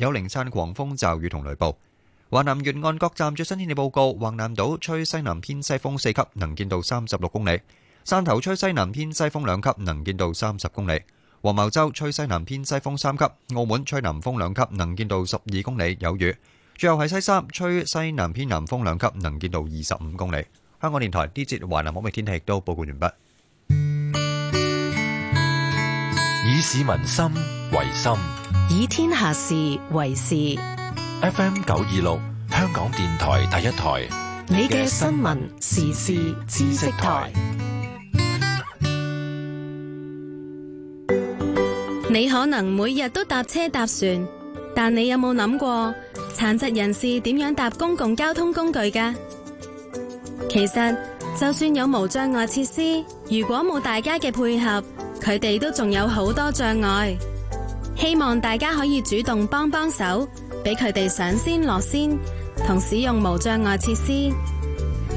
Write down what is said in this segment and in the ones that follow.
有零散狂風驟雨同雷暴。華南沿岸各站最新天氣報告：華南島吹西南偏西風四級，能見度三十六公里；汕頭吹西南偏西風兩級，能見度三十公里；黃茅洲吹西南偏西風三級；澳門吹南風兩級，能見度十二公里有雨；最後係西沙吹西南偏南風兩級，能見度二十五公里。香港電台呢節華南島嘅天氣都報告完畢。以市民心為心。以天下事為事。FM 九二六，香港電台第一台，你嘅新聞時事知識台。你可能每日都搭車搭船，但你有冇諗過殘疾人士點樣搭公共交通工具㗎？其實就算有無障礙設施，如果冇大家嘅配合，佢哋都仲有好多障礙。希望大家可以主動幫幫手，俾佢哋上先落先，同使用無障礙設施。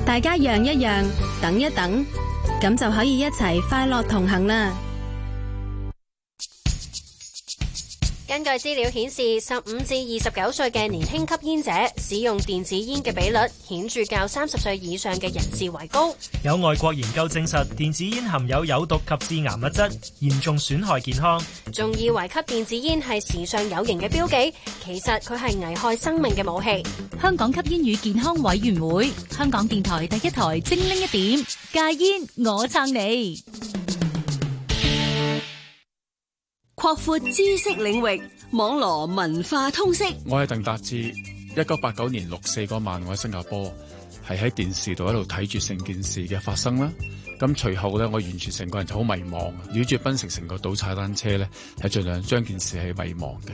大家讓一讓，等一等，咁就可以一齊快樂同行啦。根據資料顯示，十五至二十九歲嘅年輕吸煙者使用電子煙嘅比率顯著較三十歲以上嘅人士為高。有外國研究證實，電子煙含有有毒及致癌物質，嚴重損害健康。仲以為吸電子煙係時尚有型嘅標記，其實佢係危害生命嘅武器。香港吸煙與健康委員會，香港電台第一台，精靈一點戒煙，煙我撐你。擴闊知識領域，網羅文化通識。我係鄧達志，一九八九年六四個晚，我喺新加坡，係喺電視度喺度睇住成件事嘅發生啦。咁隨後咧，我完全成個人就好迷茫。繞住檳城成個島踩單車咧，係盡量將件事係遺忘嘅。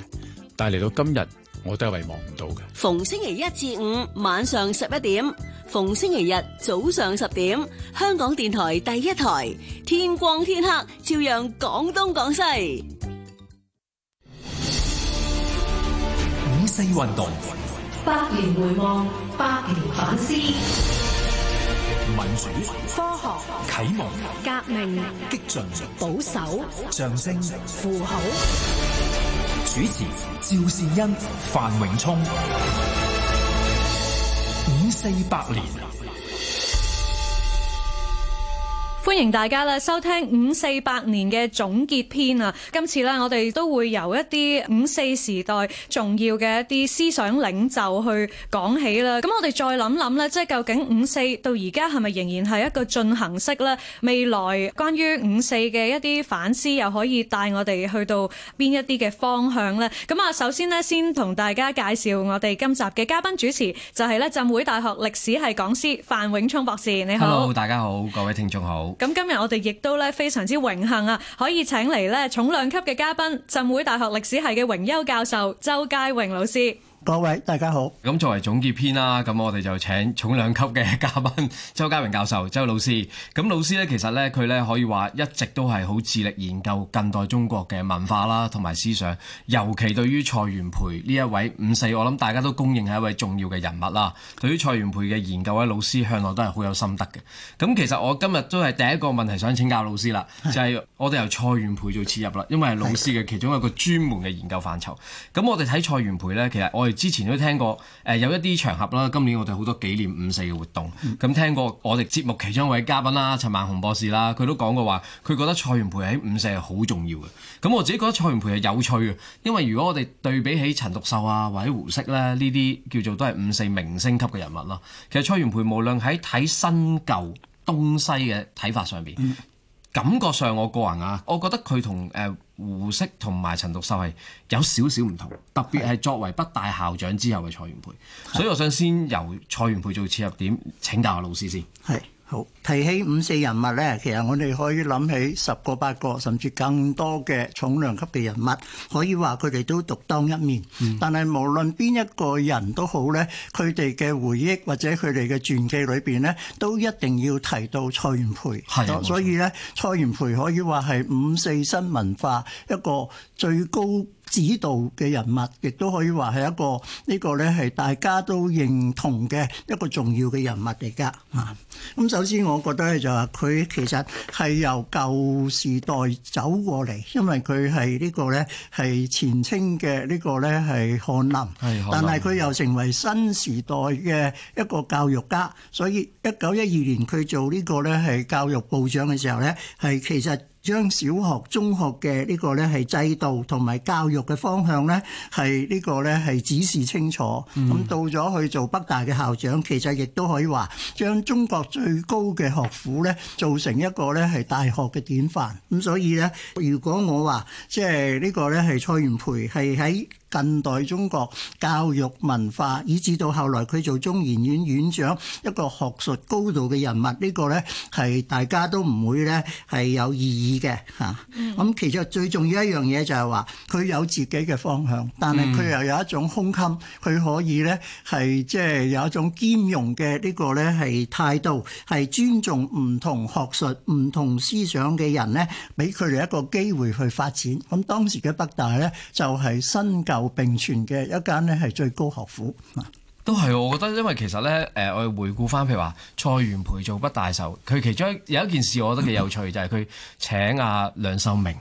但係嚟到今日，我都係遺忘唔到嘅。逢星期一至五晚上十一點，逢星期日早上十點，香港電台第一台，天光天黑照樣講東講西。細運動，百年回望，百年反思。民主、科學、啟蒙、革命、激進進、保守、象聲徵、符號。主持：趙善恩、范永聰。五四百年。歡迎大家啦，收聽五四百年嘅總結篇啊！今次呢，我哋都會由一啲五四時代重要嘅一啲思想領袖去講起啦。咁我哋再諗諗呢，即係究竟五四到而家係咪仍然係一個進行式呢？未來關於五四嘅一啲反思，又可以帶我哋去到邊一啲嘅方向呢？咁啊，首先呢，先同大家介紹我哋今集嘅嘉賓主持，就係呢浸會大學歷史系講師范永聰博士。你好，Hello，大家好，各位聽眾好。咁今日我哋亦都非常之榮幸啊，可以請嚟咧重量級嘅嘉賓，浸會大學歷史系嘅榮休教授周佳榮老師。各位大家好。咁作為總結篇啦，咁我哋就請重量級嘅嘉賓周佳榮教授、周老師。咁老師呢，其實呢，佢呢可以話一直都係好致力研究近代中國嘅文化啦，同埋思想。尤其對於蔡元培呢一位五四，我諗大家都公認係一位重要嘅人物啦。對於蔡元培嘅研究呢，老師向來都係好有心得嘅。咁其實我今日都係第一個問題想請教老師啦，就係、是、我哋由蔡元培做切入啦，因為係老師嘅其中一個專門嘅研究範疇。咁的我哋睇蔡元培呢，其實我～之前都聽過，誒、呃、有一啲場合啦。今年我哋好多紀念五四嘅活動，咁、嗯、聽過我哋節目其中一位嘉賓啦，陳萬雄博士啦，佢都講過話，佢覺得蔡元培喺五四係好重要嘅。咁我自己覺得蔡元培係有趣嘅，因為如果我哋對比起陳獨秀啊或者胡適咧，呢啲叫做都係五四明星級嘅人物咯，其實蔡元培無論喺睇新舊東西嘅睇法上邊，嗯、感覺上我個人啊，我覺得佢同誒。呃胡適同埋陳獨秀係有少少唔同，特別係作為北大校長之後嘅蔡元培，是的 所以我想先由蔡元培做切入點，請教下老師先。係。好，提起五四人物呢，其實我哋可以諗起十個八個，甚至更多嘅重量級嘅人物，可以話佢哋都獨當一面。嗯、但係無論邊一個人都好呢，佢哋嘅回憶或者佢哋嘅傳記裏邊呢，都一定要提到蔡元培。係的，所以呢，錯蔡元培可以話係五四新文化一個最高指導嘅人物，亦都可以話係一個呢、呢個呢係大家都認同嘅一個重要嘅人物嚟噶。啊，咁首先我覺得咧、就係，就係佢其實係由舊時代走過嚟，因為佢係呢個呢係前清嘅呢個呢係翰林，翰林，但係佢又成為新時代嘅一個教育家，所以一九一二年佢做呢個呢係教育部長嘅時候呢，係其實。將小學、中學嘅呢個咧係制度同埋教育嘅方向咧係呢個咧係指示清楚。咁、嗯、到咗去做北大嘅校長，其實亦都可以話將中國最高嘅學府咧做成一個咧係大學嘅典範。咁所以咧，如果我話即係呢個咧係蔡元培係喺。近代中國教育文化，以至到後來佢做中研院院長一個學術高度嘅人物，呢、這個咧係大家都唔會咧係有異議嘅吓，咁、嗯、其實最重要一樣嘢就係話佢有自己嘅方向，但係佢又有一種胸襟，佢可以咧係即係有一種兼容嘅呢個咧係態度，係尊重唔同學術唔同思想嘅人咧，俾佢哋一個機會去發展。咁當時嘅北大咧就係新舊有並存嘅一間咧，係最高學府，都係我覺得，因為其實咧，誒、呃，我回顧翻，譬如話蔡元培做北大校，佢其中有一件事，我覺得幾有趣， 就係佢請阿梁漱溟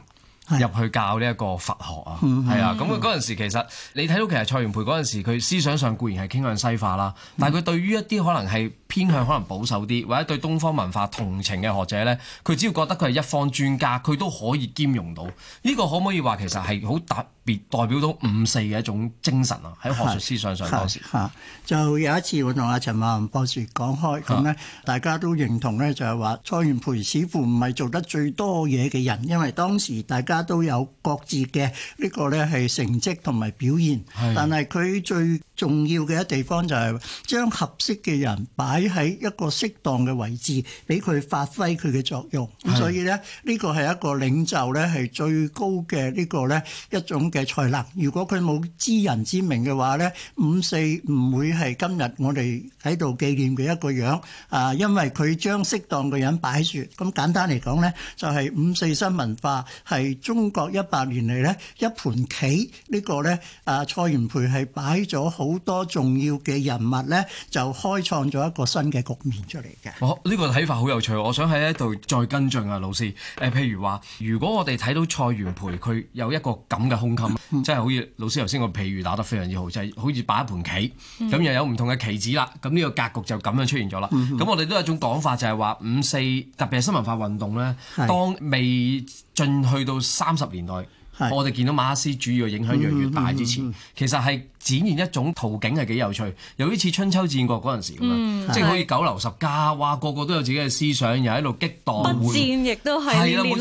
入去教呢一個佛學 啊，係、嗯、啊，咁佢嗰陣時其實你睇到其實蔡元培嗰陣時，佢思想上固然係傾向西化啦，但係佢對於一啲可能係。偏向可能保守啲，或者對東方文化同情嘅學者咧，佢只要覺得佢係一方專家，佢都可以兼容到。呢、這個可唔可以話其實係好特別，代表到五四嘅一種精神啊？喺學術思想上當時。吓，就有一次我同阿陳萬雄博士講開咁咧，大家都認同咧，就係話蔡元培似乎唔係做得最多嘢嘅人，因為當時大家都有各自嘅呢、這個咧係成績同埋表現，但係佢最重要嘅一地方就係將合適嘅人擺喺一個適當嘅位置，俾佢發揮佢嘅作用。咁所以咧，呢個係一個領袖咧，係最高嘅呢個咧一種嘅才能。如果佢冇知人之明嘅話咧，五四唔會係今日我哋喺度紀念嘅一個樣啊！因為佢將適當嘅人擺住。咁簡單嚟講咧，就係五四新文化係中國一百年嚟咧一盤棋，呢個咧啊蔡元培係擺咗好好多重要嘅人物咧，就開創咗一個新嘅局面出嚟嘅。哦，呢、這個睇法好有趣，我想喺呢一度再跟進啊，老師。誒、呃，譬如話，如果我哋睇到蔡元培佢有一個咁嘅胸襟， 真係好似老師頭先個譬喻打得非常之好，就係、是、好似擺一盤棋，咁、嗯、又有唔同嘅棋子啦。咁呢個格局就咁樣出現咗啦。咁、嗯嗯、我哋都有一種講法就，就係話五四特別係新文化運動咧，是當未進去到三十年代，是是我哋見到馬克思主義嘅影響越嚟越大之前，其實係。展現一種圖景係幾有趣，有啲似春秋戰國嗰陣時咁樣，嗯、即係可以九流十家，哇的！個個都有自己嘅思想，又喺度激盪。戰亦都係。係啦，冇錯，就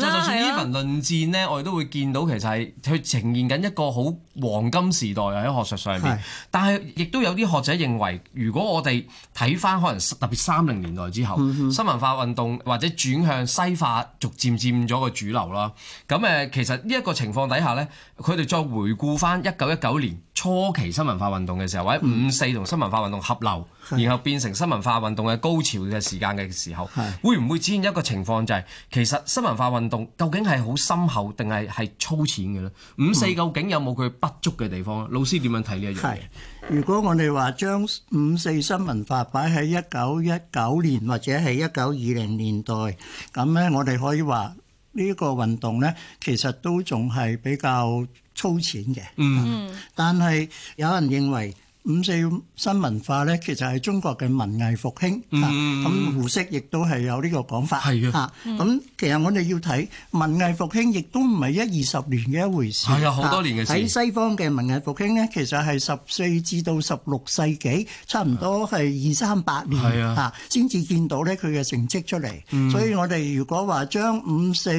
算論戰咧，的我哋都會見到其實係佢呈現緊一個好黃金時代喺學術上面。的但係亦都有啲學者認為，如果我哋睇翻可能特別三零年代之後，嗯、哼新文化運動或者轉向西化，逐漸佔咗個主流啦。咁誒，其實呢一個情況底下呢，佢哋再回顧翻一九一九年，初期新文化運動嘅時候，或者五四同新文化運動合流，然後變成新文化運動嘅高潮嘅時間嘅時候，會唔會出現一個情況，就係其實新文化運動究竟係好深厚定係係粗淺嘅呢？五四究竟有冇佢不足嘅地方呢？老師點樣睇呢一樣嘢？如果我哋話將五四新文化擺喺一九一九年或者係一九二零年代，咁呢我哋可以話呢個運動呢，其實都仲係比較。粗淺嘅，嗯，但係有人認為。五四新文化呢，其實係中國嘅文藝復興，咁、嗯、胡適亦都係有呢個講法。係嘅的，嚇咁、嗯、其實我哋要睇文藝復興，亦都唔係一二十年嘅一回事。係啊、哎，好多年嘅事。喺西方嘅文藝復興呢，其實係十四至到十六世紀，差唔多係二三百年，嚇先至見到呢佢嘅成績出嚟。嗯、所以我哋如果話將五四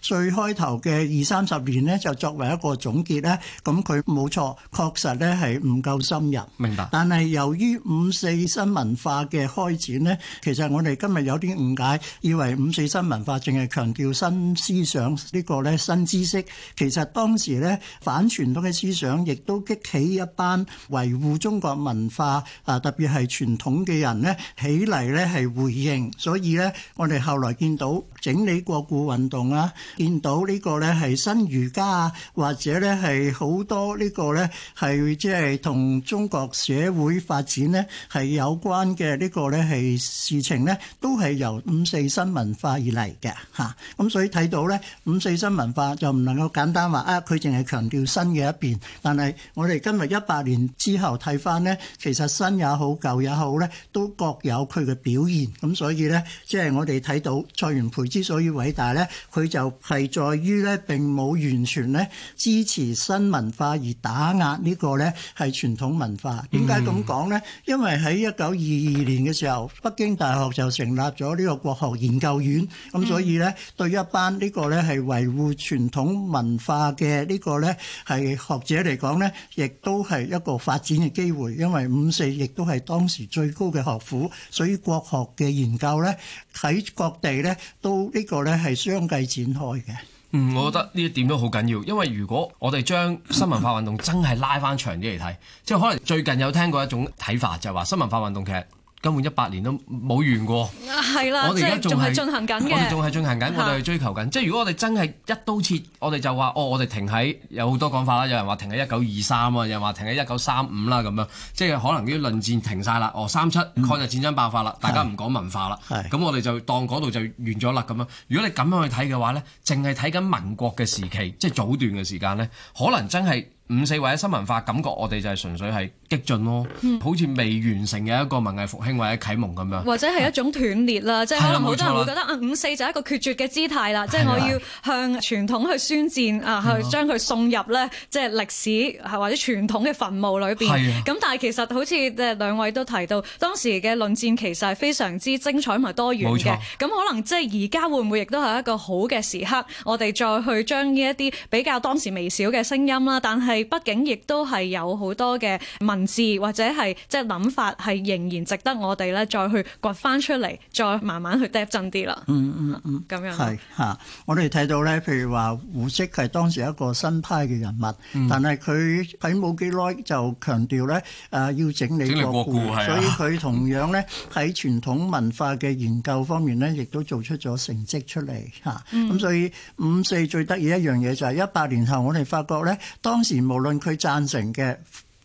最開頭嘅二三十年呢，就作為一個總結咧，咁佢冇錯，確實呢係唔夠深入。明白。但係由於五四新文化嘅開展咧，其實我哋今日有啲誤解，以為五四新文化淨係強調新思想呢個咧新知識。其實當時咧反傳統嘅思想，亦都激起一班維護中國文化啊，特別係傳統嘅人咧起嚟咧係回應。所以咧，我哋後來見到整理國故運動啊，見到呢個咧係新儒家啊，或者咧係好多呢個咧係即係同中國。社會發展咧係有關嘅呢個咧係事情咧，都係由五四新文化而嚟嘅吓，咁所以睇到咧，五四新文化就唔能夠簡單話啊，佢淨係強調新嘅一邊，但係我哋今日一百年之後睇翻咧，其實新也好，舊也好咧，都各有佢嘅表現，咁所以咧，即係我哋睇到蔡元培之所以偉大咧，佢就係在於咧並冇完全咧支持新文化而打壓呢個咧係傳統文化。點解咁講呢？因為喺一九二二年嘅時候，北京大學就成立咗呢個國學研究院，咁所以呢，對於一班呢個呢係維護傳統文化嘅呢個呢，係學者嚟講呢，亦都係一個發展嘅機會。因為五四亦都係當時最高嘅學府，所以國學嘅研究呢，喺各地呢，都呢個呢係相繼展開嘅。嗯，我覺得呢一點都好緊要，因為如果我哋將新文化運動真係拉翻長啲嚟睇，即可能最近有聽過一種睇法，就係話新文化運動其實，根本一百年都冇完過，係啦的，我哋而家仲係進行緊嘅，我哋仲係進行緊，是的 我哋去追求緊。即係如果我哋真係一刀切，我哋就話哦，我哋停喺，有好多講法啦。有人話停喺一九二三啊，有人話停喺一九三五啦咁樣。即係可能啲論戰停晒啦。哦，三七抗日戰爭爆發啦，嗯、大家唔講文化啦，咁的我哋就當嗰度就完咗啦咁樣。如果你咁樣去睇嘅話咧，淨係睇緊民國嘅時期，即係早段嘅時間咧，可能真係。五四或者新文化，感覺我哋就係純粹係激進咯，嗯、好似未完成嘅一個文藝復興或者啟蒙咁樣，或者係一種斷裂啦，啊、即係可能好多人會覺得啊,啊五四就係一個決絕嘅姿態啦，啊、即係我要向傳統去宣戰啊，去將佢送入咧即係歷史係或者傳統嘅墳墓裏邊。咁、啊、但係其實好似誒兩位都提到，當時嘅論戰其實係非常之精彩同埋多元嘅。咁冇錯、可能即係而家會唔會亦都係一個好嘅時刻，我哋再去將呢一啲比較當時微小嘅聲音啦，但係。係，畢竟亦都係有好多嘅文字或者係即係諗法，係仍然值得我哋咧再去掘翻出嚟，再慢慢去 depth 深啲啦。嗯嗯嗯，咁樣，係吓，我哋睇到咧，譬如話胡適係當時一個新派嘅人物，但係佢喺冇幾耐就強調咧，誒要整理國故，所以佢同樣咧喺傳統文化嘅研究方面咧，亦都做出咗成績出嚟吓。咁所以五四最得意一樣嘢就係一百年後我哋發覺咧，當時。無論佢贊成嘅，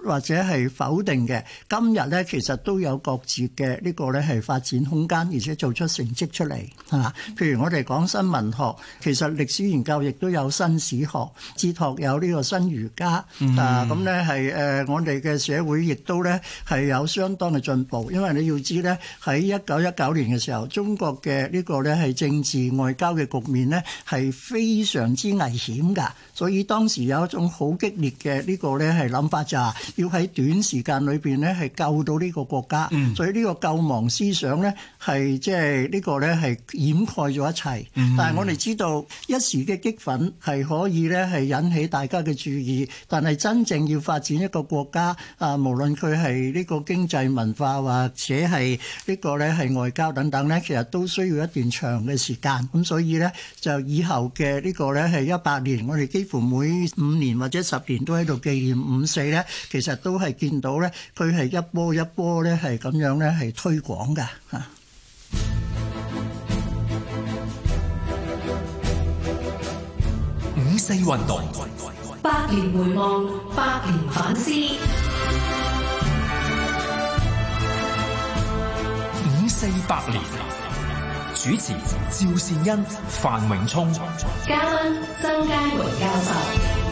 或者係否定嘅，今日咧其實都有各自嘅呢個咧係發展空間，而且做出成績出嚟嚇。譬如我哋講新文學，其實歷史研究亦都有新史學，哲學有呢個新儒家啊。咁咧係誒我哋嘅社會亦都咧係有相當嘅進步，因為你要知咧喺一九一九年嘅時候，中國嘅呢個咧係政治外交嘅局面咧係非常之危險㗎，所以當時有一種好激烈嘅呢個咧係諗法就。要喺短時間裏邊咧，係救到呢個國家，嗯、所以呢個救亡思想咧，係即係呢個咧係掩蓋咗一切。嗯、但係我哋知道，一時嘅激憤係可以咧係引起大家嘅注意，但係真正要發展一個國家啊，無論佢係呢個經濟文化或者係呢個咧係外交等等咧，其實都需要一段長嘅時間。咁所以咧，就以後嘅呢個咧係一百年，我哋幾乎每五年或者十年都喺度紀念五四咧。4, 其實都係見到咧，佢係一波一波咧，係咁樣咧，係推廣噶吓。五四運動，百年回望，百年反思。五四百年，主持：趙善恩、范永聰，嘉賓：周佳榮教授。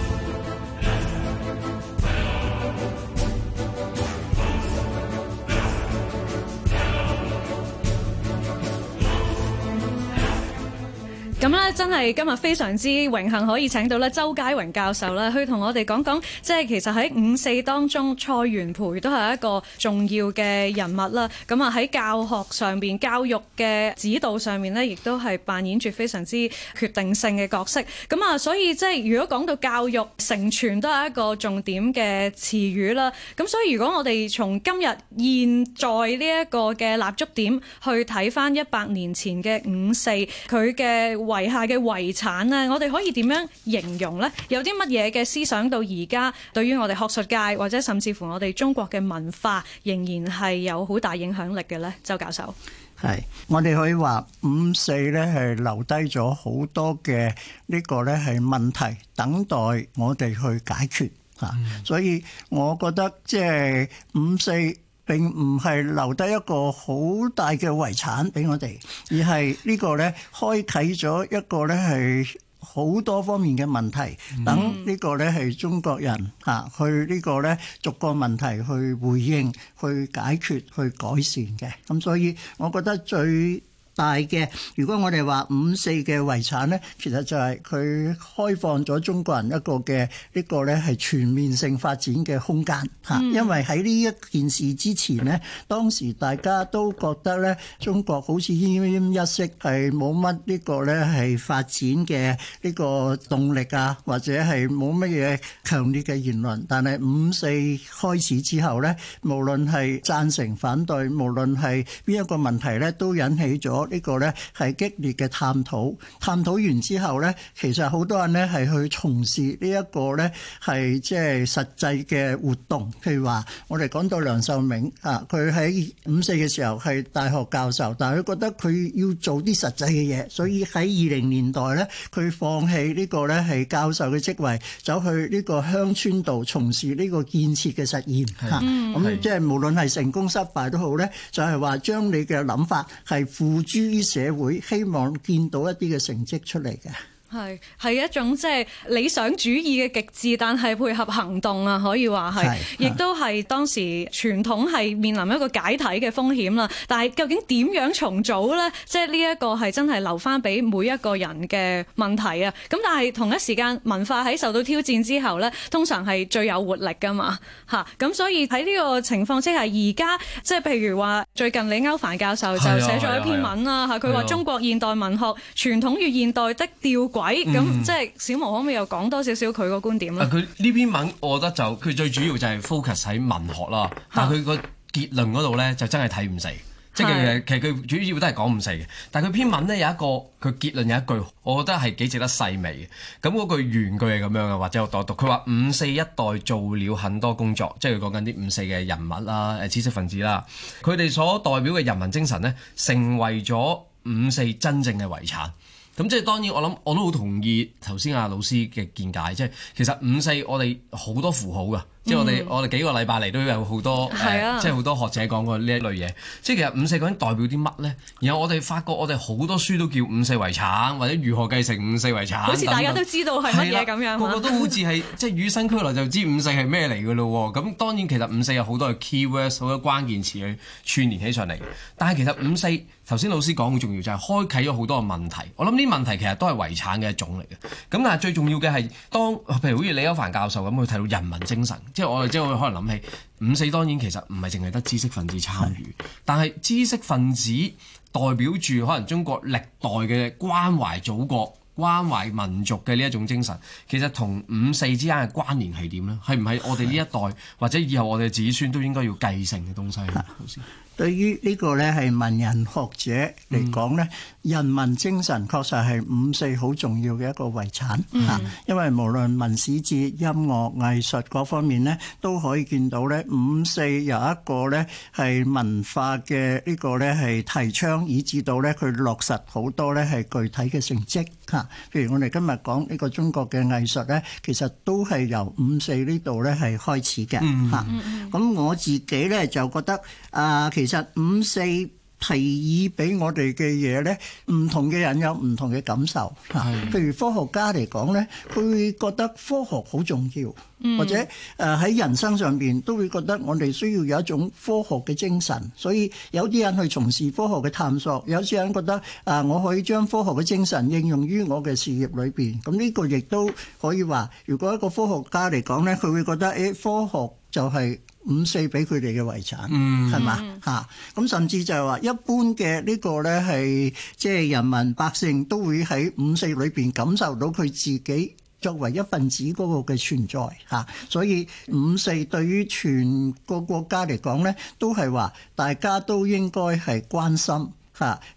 真係今日非常之榮幸，可以請到咧周佳榮教授咧，去同我哋講講，即係其實喺五四當中，蔡元培都係一個重要嘅人物啦。咁啊喺教學上邊、教育嘅指導上面咧，亦都係扮演住非常之決定性嘅角色。咁啊，所以即係如果講到教育成全，都係一個重點嘅詞語啦。咁所以如果我哋從今日現在呢一個嘅立足點去睇翻一百年前嘅五四，佢嘅遺下。嘅遺產咧，我哋可以點樣形容咧？有啲乜嘢嘅思想到而家，對於我哋學術界或者甚至乎我哋中國嘅文化，仍然係有好大影響力嘅咧，周教授。係，我哋可以話五四咧係留低咗好多嘅呢個咧係問題，等待我哋去解決吓。嗯、所以我覺得即係五四。並唔係留低一個好大嘅遺產俾我哋，而係呢個咧開啓咗一個咧係好多方面嘅問題，等呢個咧係中國人嚇去呢個咧逐個問題去回應、去解決、去改善嘅。咁所以，我覺得最大嘅，如果我哋話五四嘅遺產咧，其實就係佢開放咗中國人一個嘅呢個咧，係全面性發展嘅空間吓，嗯、因為喺呢一件事之前咧，當時大家都覺得咧，中國好似奄奄一息，係冇乜呢個咧係發展嘅呢個動力啊，或者係冇乜嘢強烈嘅言論，但係五四開始之後咧，無論係贊成反對，無論係邊一個問題咧，都引起咗。呢個咧係激烈嘅探討，探討完之後咧，其實好多人咧係去從事呢一個咧係即係實際嘅活動，譬如話我哋講到梁秀明啊，佢喺五四嘅時候係大學教授，但係佢覺得佢要做啲實際嘅嘢，所以喺二零年代咧，佢放棄呢個咧係教授嘅職位，走去呢個鄉村度從事呢個建設嘅實驗吓，咁即係無論係成功失敗都好咧，就係、是、話將你嘅諗法係付諸。於社會，希望見到一啲嘅成績出嚟嘅。係係一種即係理想主義嘅極致，但係配合行動啊，可以話係，亦都係當時傳統係面臨一個解體嘅風險啦。但係究竟點樣重組呢？即係呢一個係真係留翻俾每一個人嘅問題啊。咁但係同一時間文化喺受到挑戰之後呢，通常係最有活力㗎嘛嚇。咁、啊、所以喺呢個情況下，即係而家即係譬如話最近李歐梵教授就寫咗一篇文啦嚇，佢話、啊啊啊啊、中國現代文學傳統與現代的調。鬼咁、嗯、即係小毛可唔可以又講多少少佢個觀點咧？佢呢、啊、篇文，我覺得就佢最主要就係 focus 喺文學啦。啊、但係佢個結論嗰度咧，就真係睇唔細。啊、即係是其實佢主要都係講唔細嘅。但係佢篇文咧有一個佢結論有一句，我覺得係幾值得細味嘅。咁嗰句原句係咁樣嘅，或者我讀一讀。佢話五四一代做了很多工作，即係佢講緊啲五四嘅人物啦、知識分子啦，佢哋所代表嘅人民精神咧，成為咗五四真正嘅遺產。咁即係當然我，我諗我都好同意頭先阿老師嘅見解，即係其實五四我哋好多符號㗎。嗯、即係我哋我哋幾個禮拜嚟都有好多，啊呃、即係好多學者講過呢一類嘢。即係其實五四究竟代表啲乜咧？然後我哋發覺我哋好多書都叫五四遺產，或者如何繼承五四遺產。好似大家都知道係乜嘢咁樣。個個都好似係 即係與生俱來就知五四係咩嚟㗎咯喎。咁當然其實五四有好多嘅 key words，好多關鍵詞去串連起上嚟。但係其實五四頭先老師講好重要就係、是、開啟咗好多嘅問題。我諗呢啲問題其實都係遺產嘅一種嚟嘅。咁但係最重要嘅係當譬如好似李歐梵教授咁去睇到人民精神。即係我哋即係會可能諗起五四，當然其實唔係淨係得知識分子參與，是的 但係知識分子代表住可能中國歷代嘅關懷祖國、關懷民族嘅呢一種精神，其實同五四之間嘅關聯係點呢？係唔係我哋呢一代是的 或者以後我哋嘅子孫都應該要繼承嘅東西？對於呢個咧係文人學者嚟講咧，人文精神確實係五四好重要嘅一個遺產嚇。因為無論文史志、音樂、藝術嗰方面咧，都可以見到咧，五四有一個咧係文化嘅呢個咧係提倡，以至到咧佢落實好多咧係具體嘅成績嚇。譬如我哋今日講呢個中國嘅藝術咧，其實都係由五四呢度咧係開始嘅嚇。咁我自己咧就覺得啊，其實其實五四提議俾我哋嘅嘢呢，唔同嘅人有唔同嘅感受。是譬如科學家嚟講呢，佢會覺得科學好重要，嗯、或者誒喺、呃、人生上邊都會覺得我哋需要有一種科學嘅精神。所以有啲人去從事科學嘅探索，有啲人覺得啊、呃，我可以將科學嘅精神應用於我嘅事業裏邊。咁呢個亦都可以話，如果一個科學家嚟講呢，佢會覺得誒、欸，科學就係、是。五四俾佢哋嘅遺產，嗯、係嘛嚇？咁、啊、甚至就係話，一般嘅呢個咧，係即係人民百姓都會喺五四裏邊感受到佢自己作為一份子嗰個嘅存在嚇、啊。所以五四對於全個國家嚟講咧，都係話大家都應該係關心。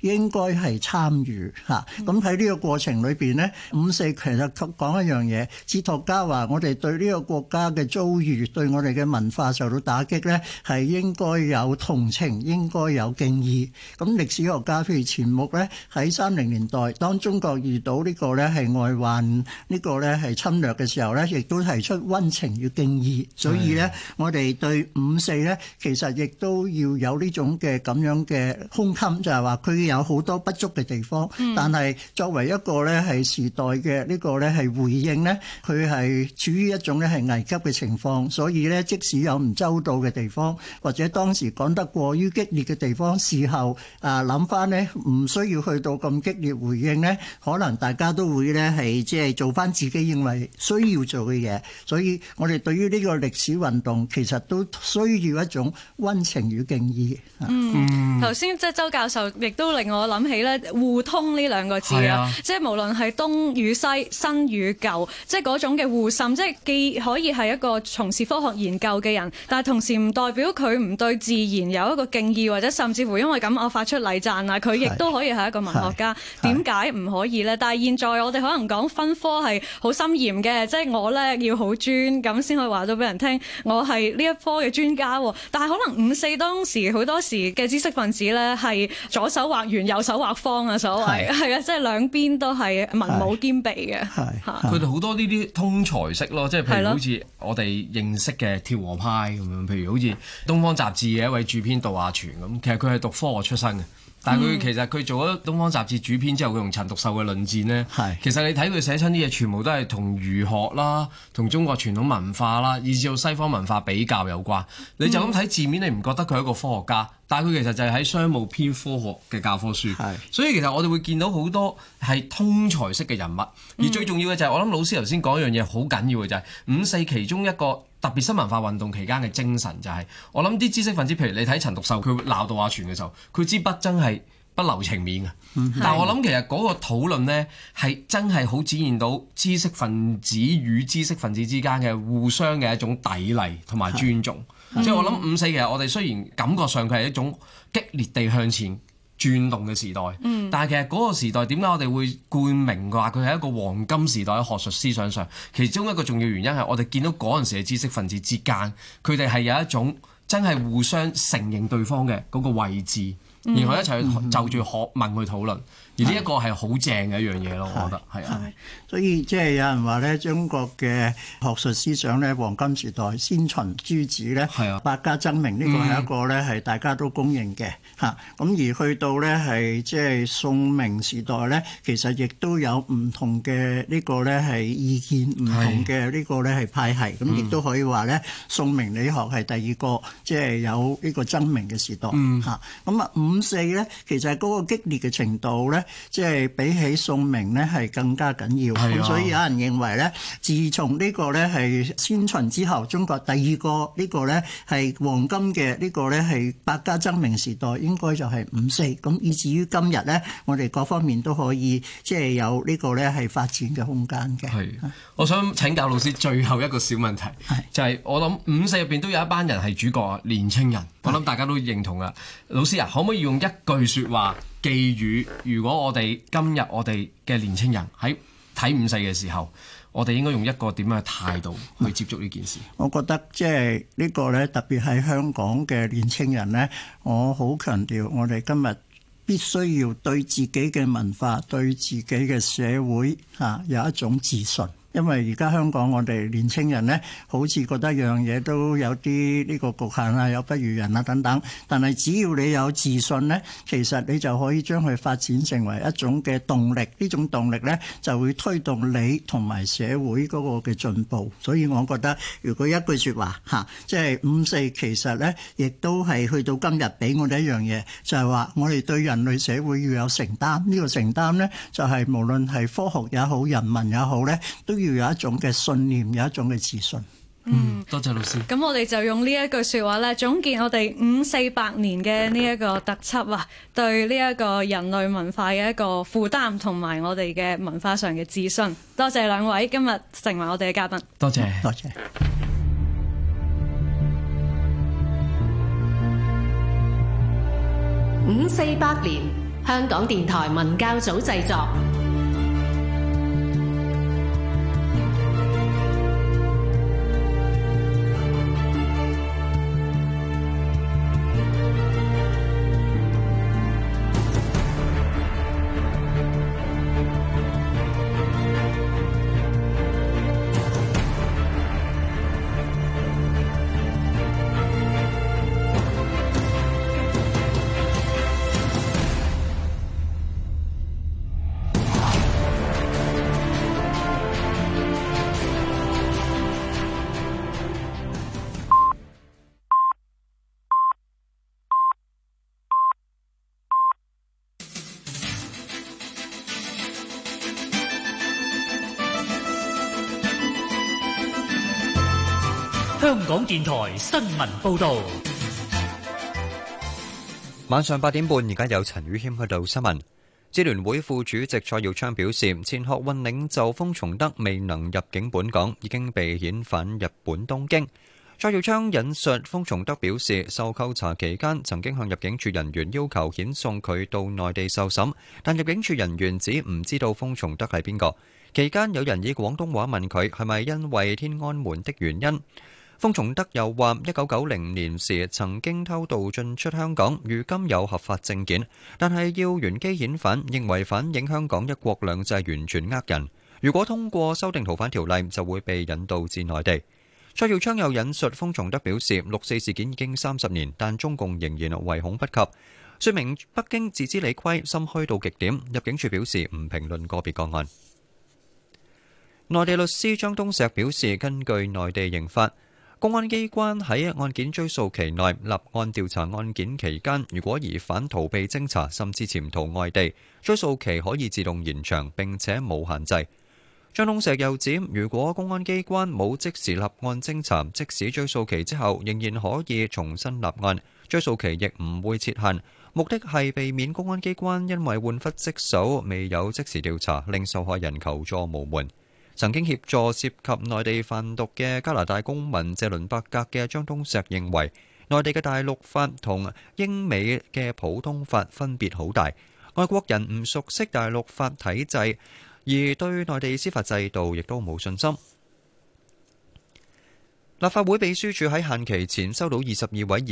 應該係參與。咁，喺呢個過程裏面呢，五四其實講一樣嘢，哲學家話，我哋對呢個國家嘅遭遇，對我哋嘅文化受到打擊呢,係應該有同情，應該有敬意。咁，歷史學家譬如錢穆呢，喺三零年代，當中國遇到呢個呢，係外患呢個呢，係侵略嘅時候呢，亦都提出温情與敬意。所以呢，我哋對五四呢，其實亦都要有呢種嘅，咁樣嘅胸襟，就係話。啊！佢有好多不足嘅地方，但係作為一個咧係時代嘅呢個咧係回應咧，佢係處於一種咧係危急嘅情況，所以咧即使有唔周到嘅地方，或者當時講得過於激烈嘅地方，事後啊諗翻咧，唔需要去到咁激烈回應咧，可能大家都會咧係即係做翻自己認為需要做嘅嘢，所以我哋對於呢個歷史運動，其實都需要一種溫情與敬意。嗯。嗯。頭先即係周教授亦都令我諗起咧，互通呢兩個字啊，即係無論係東與西、新與舊，即係嗰種嘅互滲，即係既可以係一個從事科學研究嘅人，但係同時唔代表佢唔對自然有一個敬意，或者甚至乎因為咁，我發出禮讚啊，佢亦都可以係一個文學家，點解唔可以咧？但係現在我哋可能講分科係好森嚴嘅，即係我咧要好專咁先可以話到俾人聽，我係呢一科嘅專家。但係可能五四當時好多時嘅知識份子咧係左手畫圓，右手畫方啊！所謂係啊，的即係兩邊都係文武兼備嘅。係的，佢哋好多呢啲通才式咯，即係譬如好似我哋認識嘅跳和派咁樣，譬如好似《東方雜誌》嘅一位主編杜亞泉咁，其實佢係讀科學出身嘅。但佢其實佢做咗《東方雜誌》主編之後，佢用陳獨秀嘅論戰呢。是其實你睇佢寫親啲嘢，全部都係同儒學啦、同中國傳統文化啦，以至到西方文化比較有關。你就咁睇字面，你唔覺得佢係一個科學家？但係佢其實就係喺商務編科學嘅教科書。是所以其實我哋會見到好多係通才式嘅人物，而最重要嘅就係、是、我諗老師頭先講一樣嘢好緊要嘅就係、是、五四其中一個。特別新文化運動期間嘅精神就係、是，我諗啲知識分子，譬如你睇陳獨秀，佢會鬧到阿全嘅時候，佢支筆真係不留情面嘅。的但係我諗其實嗰個討論呢，係真係好展現到知識分子與知識分子之間嘅互相嘅一種砥礪同埋尊重。的即係我諗五四其實我哋雖然感覺上佢係一種激烈地向前轉動嘅時代，但係其實嗰個時代點解我哋會冠名話佢係一個黃金時代喺學術思想上，其中一個重要原因係我哋見到嗰陣時嘅知識分子之間，佢哋係有一種真係互相承認對方嘅嗰個位置，然後一齊去就住學問去討論。而呢一個係好正嘅一樣嘢咯，我覺得係啊，所以即係有人話咧，中國嘅學術思想咧，黃金時代先秦諸子咧，係啊，百家爭鳴呢個係一個咧係大家都公認嘅嚇。咁而去到咧係即係宋明時代咧，其實亦都有唔同嘅呢個咧係意見，唔同嘅呢個咧係派系，咁亦都可以話咧，宋明理學係第二個即係有呢個爭鳴嘅時代嚇。咁啊五四咧，其實係嗰個激烈嘅程度咧。即係比起宋明呢，係更加緊要。咁、啊、所以有人認為咧，自從呢個咧係先秦之後，中國第二個呢個咧係黃金嘅呢、呢個咧係百家爭鳴時代，應該就係五四。咁以至於今日咧，我哋各方面都可以即係、就是、有呢個咧係發展嘅空間嘅。係，我想請教老師最後一個小問題，是就係我諗五四入邊都有一班人係主角啊，年青人。是我諗大家都認同噶，老師啊，可唔可以用一句説話？寄語，如果我哋今日我哋嘅年青人喺睇五世嘅時候，我哋應該用一個點樣嘅態度去接觸呢件事，嗯？我覺得即、就、係、是這個、呢個咧，特別係香港嘅年青人呢，我好強調，我哋今日必須要對自己嘅文化、對自己嘅社會嚇、啊、有一種自信。因為而家香港我哋年青人咧，好似覺得一樣嘢都有啲呢個局限啊，有不如人啊等等。但係只要你有自信咧，其實你就可以將佢發展成為一種嘅動力。呢種動力咧，就會推動你同埋社會嗰個嘅進步。所以我覺得，如果一句説話吓，即係五四其實咧，亦都係去到今日俾我哋一樣嘢，就係話我哋對人類社會要有承擔。呢個承擔咧，就係無論係科學也好、人民也好咧，都。要有一種嘅信念，有一種嘅自信。嗯，多謝老師。咁我哋就用呢一句說話咧，總結我哋五四百年嘅呢一個特輯啊，對呢一個人類文化嘅一個負擔，同埋我哋嘅文化上嘅自信。多謝兩位，今日成為我哋嘅嘉賓。嗯，多謝，多謝。五四百年，香港電台文教組製作。香港電台新聞報道，晚上八點半，而家有陳宇謙去到新聞。支聯會副主席蔡耀昌表示，前學運領袖封從德未能入境本港，已經被遣返日本東京。蔡耀昌引述封從德表示，受扣查期間，曾經向入境處人員要求遣送佢到內地受審，但入境處人員指唔知道封從德係邊個。期間有人以廣東話問佢係咪因為天安門的原因。封從德又話：一九九零年時曾經偷渡進出香港，如今有合法證件，但係要原機遣返，認為反映香港一國兩制完全呃人。如果通過修訂逃犯條例，就會被引導至內地。蔡耀昌又引述封從德表示：六四事件已經三十年，但中共仍然唯恐不及，說明北京自知理虧，心虛到極點。入境處表示唔評論個別個案。內地律師張東石表示，根據內地刑法。公安機關喺案件追訴期內立案調查案件期間，如果疑犯逃避偵查甚至潛逃外地，追訴期可以自動延長並且冇限制。張通石又指，如果公安機關冇即時立案偵查，即使追訴期之後仍然可以重新立案，追訴期亦唔會設限。目的係避免公安機關因為換忽職守未有即時調查，令受害人求助無門。曾經協助涉及內地販毒嘅加拿大公民謝倫伯格嘅張東石認為，內地嘅大陸法同英美嘅普通法分別好大，外國人唔熟悉大陸法體制，而對內地司法制度亦都冇信心。立法會秘書處喺限期前收到二十二位。